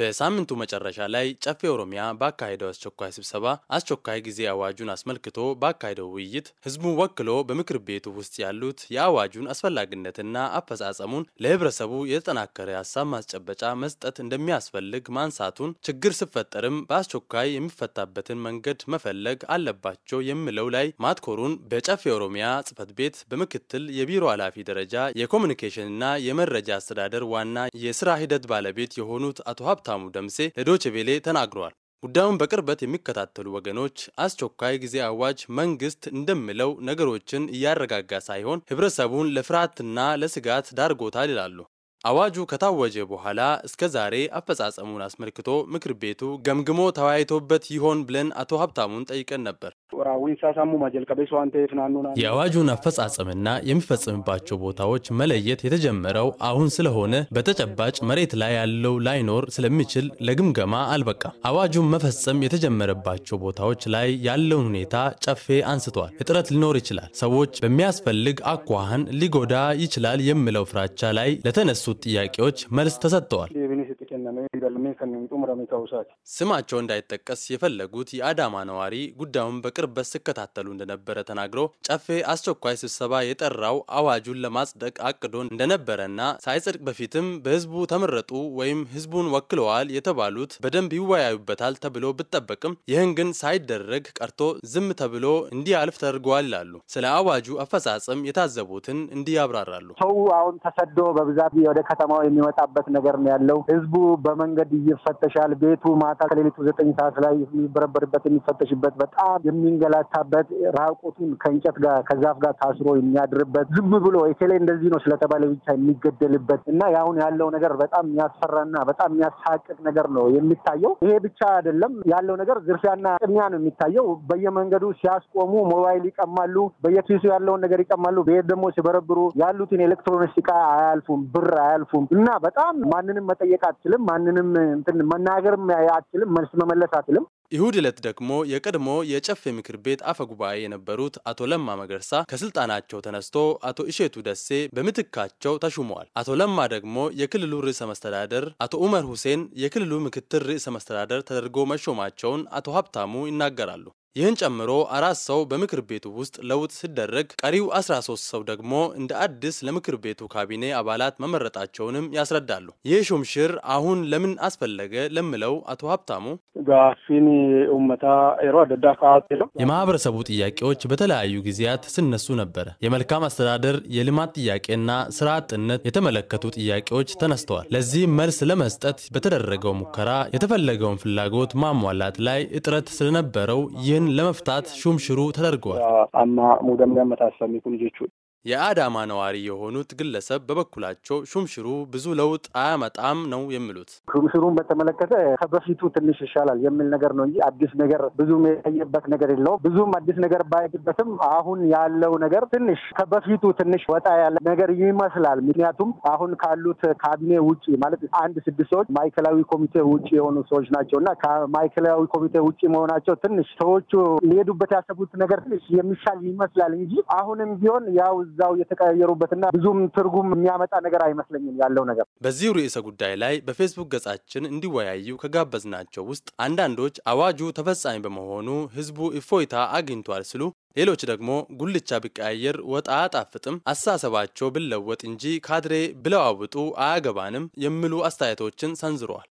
በሳምንቱ መጨረሻ ላይ ጨፌ ኦሮሚያ ባካሄደው አስቸኳይ ስብሰባ አስቸኳይ ጊዜ አዋጁን አስመልክቶ ባካሄደው ውይይት ህዝቡ ወክሎ በምክር ቤቱ ውስጥ ያሉት የአዋጁን አስፈላጊነትና አፈጻጸሙን ለህብረሰቡ የተጠናከረ ሀሳብ ማስጨበጫ መስጠት እንደሚያስፈልግ ማንሳቱን፣ ችግር ሲፈጠርም በአስቸኳይ የሚፈታበትን መንገድ መፈለግ አለባቸው የሚለው ላይ ማትኮሩን በጨፌ ኦሮሚያ ጽህፈት ቤት በምክትል የቢሮ ኃላፊ ደረጃ የኮሚኒኬሽንና የመረጃ አስተዳደር ዋና የስራ ሂደት ባለቤት የሆኑት አቶ ሀብ ሀብታሙ ደምሴ ለዶቼ ቬሌ ተናግረዋል። ጉዳዩን በቅርበት የሚከታተሉ ወገኖች አስቸኳይ ጊዜ አዋጅ መንግስት እንደሚለው ነገሮችን እያረጋጋ ሳይሆን ህብረተሰቡን ለፍርሃትና ለስጋት ዳርጎታል ይላሉ። አዋጁ ከታወጀ በኋላ እስከ ዛሬ አፈጻጸሙን አስመልክቶ ምክር ቤቱ ገምግሞ ተወያይቶበት ይሆን ብለን አቶ ሀብታሙን ጠይቀን ነበር። የአዋጁን አፈጻጸምና የሚፈጽምባቸው ቦታዎች መለየት የተጀመረው አሁን ስለሆነ በተጨባጭ መሬት ላይ ያለው ላይኖር ስለሚችል ለግምገማ አልበቃም። አዋጁን መፈጸም የተጀመረባቸው ቦታዎች ላይ ያለውን ሁኔታ ጨፌ አንስቷል። እጥረት ሊኖር ይችላል፣ ሰዎች በሚያስፈልግ አኳኋን ሊጎዳ ይችላል የሚለው ፍራቻ ላይ ለተነሱ ጥያቄዎች መልስ ተሰጥተዋል። ስማቸው እንዳይጠቀስ የፈለጉት የአዳማ ነዋሪ ጉዳዩን በቅርበት ሲከታተሉ እንደነበረ ተናግሮ ጨፌ አስቸኳይ ስብሰባ የጠራው አዋጁን ለማጽደቅ አቅዶ እንደነበረና ሳይጸድቅ በፊትም በህዝቡ ተመረጡ ወይም ህዝቡን ወክለዋል የተባሉት በደንብ ይወያዩበታል ተብሎ ብጠበቅም ይህን ግን ሳይደረግ ቀርቶ ዝም ተብሎ እንዲያልፍ ተደርገዋል ይላሉ። ስለ አዋጁ አፈጻጸም የታዘቡትን እንዲህ ያብራራሉ። ሰው አሁን ተሰዶ በብዛት ወደ ከተማው የሚወጣበት ነገር ነው ያለው። ህዝቡ በመንገድ ይፈተሻል። ቤቱ ማታ ከሌሊቱ ዘጠኝ ሰዓት ላይ የሚበረበርበት የሚፈተሽበት፣ በጣም የሚንገላታበት፣ ራቁቱን ከእንጨት ጋር ከዛፍ ጋር ታስሮ የሚያድርበት፣ ዝም ብሎ የተለይ እንደዚህ ነው ስለተባለ ብቻ የሚገደልበት እና ያሁን ያለው ነገር በጣም የሚያስፈራና በጣም የሚያሳቅቅ ነገር ነው የሚታየው። ይሄ ብቻ አይደለም ያለው ነገር ዝርፊያና ቅሚያ ነው የሚታየው። በየመንገዱ ሲያስቆሙ ሞባይል ይቀማሉ፣ በየኪሱ ያለውን ነገር ይቀማሉ። ቤት ደግሞ ሲበረብሩ ያሉትን ኤሌክትሮኒክስ ዕቃ አያልፉም፣ ብር አያልፉም እና በጣም ማንንም መጠየቅ አትችልም። ማንንም መናገርም አችልም፣ መልስ መመለስ አችልም። ይሁድ ዕለት ደግሞ የቀድሞ የጨፌ ምክር ቤት አፈ ጉባኤ የነበሩት አቶ ለማ መገርሳ ከስልጣናቸው ተነስቶ አቶ እሼቱ ደሴ በምትካቸው ተሹመዋል። አቶ ለማ ደግሞ የክልሉ ርዕሰ መስተዳደር፣ አቶ ኡመር ሁሴን የክልሉ ምክትል ርዕሰ መስተዳደር ተደርጎ መሾማቸውን አቶ ሀብታሙ ይናገራሉ። ይህን ጨምሮ አራት ሰው በምክር ቤቱ ውስጥ ለውጥ ሲደረግ ቀሪው 13 ሰው ደግሞ እንደ አዲስ ለምክር ቤቱ ካቢኔ አባላት መመረጣቸውንም ያስረዳሉ። ይህ ሹምሽር አሁን ለምን አስፈለገ ለምለው አቶ ሀብታሙ ኡመታ አደዳ የማህበረሰቡ ጥያቄዎች በተለያዩ ጊዜያት ሲነሱ ነበረ። የመልካም አስተዳደር፣ የልማት ጥያቄና ስራ አጥነት የተመለከቱ ጥያቄዎች ተነስተዋል። ለዚህ መልስ ለመስጠት በተደረገው ሙከራ የተፈለገውን ፍላጎት ማሟላት ላይ እጥረት ስለነበረው ይህን ችግርን ለመፍታት ሹምሽሩ ተደርገዋል። የአዳማ ነዋሪ የሆኑት ግለሰብ በበኩላቸው ሹምሽሩ ብዙ ለውጥ አያመጣም ነው የሚሉት። ሹምሽሩን በተመለከተ ከበፊቱ ትንሽ ይሻላል የሚል ነገር ነው እንጂ አዲስ ነገር ብዙም የታየበት ነገር የለው ብዙም አዲስ ነገር ባይግበትም አሁን ያለው ነገር ትንሽ ከበፊቱ ትንሽ ወጣ ያለ ነገር ይመስላል። ምክንያቱም አሁን ካሉት ካቢኔ ውጭ ማለት አንድ ስድስት ሰዎች ማዕከላዊ ኮሚቴ ውጭ የሆኑ ሰዎች ናቸው እና ከማዕከላዊ ኮሚቴ ውጭ መሆናቸው ትንሽ ሰዎቹ ሊሄዱበት ያሰቡት ነገር ትንሽ የሚሻል ይመስላል እንጂ አሁንም ቢሆን ያው እዛው የተቀያየሩበትና ብዙም ትርጉም የሚያመጣ ነገር አይመስለኝም ያለው ነገር። በዚሁ ርዕሰ ጉዳይ ላይ በፌስቡክ ገጻችን እንዲወያዩ ከጋበዝናቸው ውስጥ አንዳንዶች አዋጁ ተፈጻሚ በመሆኑ ህዝቡ እፎይታ አግኝቷል ሲሉ ሌሎች ደግሞ ጉልቻ ቢቀያየር ወጥ አያጣፍጥም፣ አሳሰባቸው ብለወጥ እንጂ ካድሬ ብለዋውጡ አያገባንም የሚሉ አስተያየቶችን ሰንዝረዋል።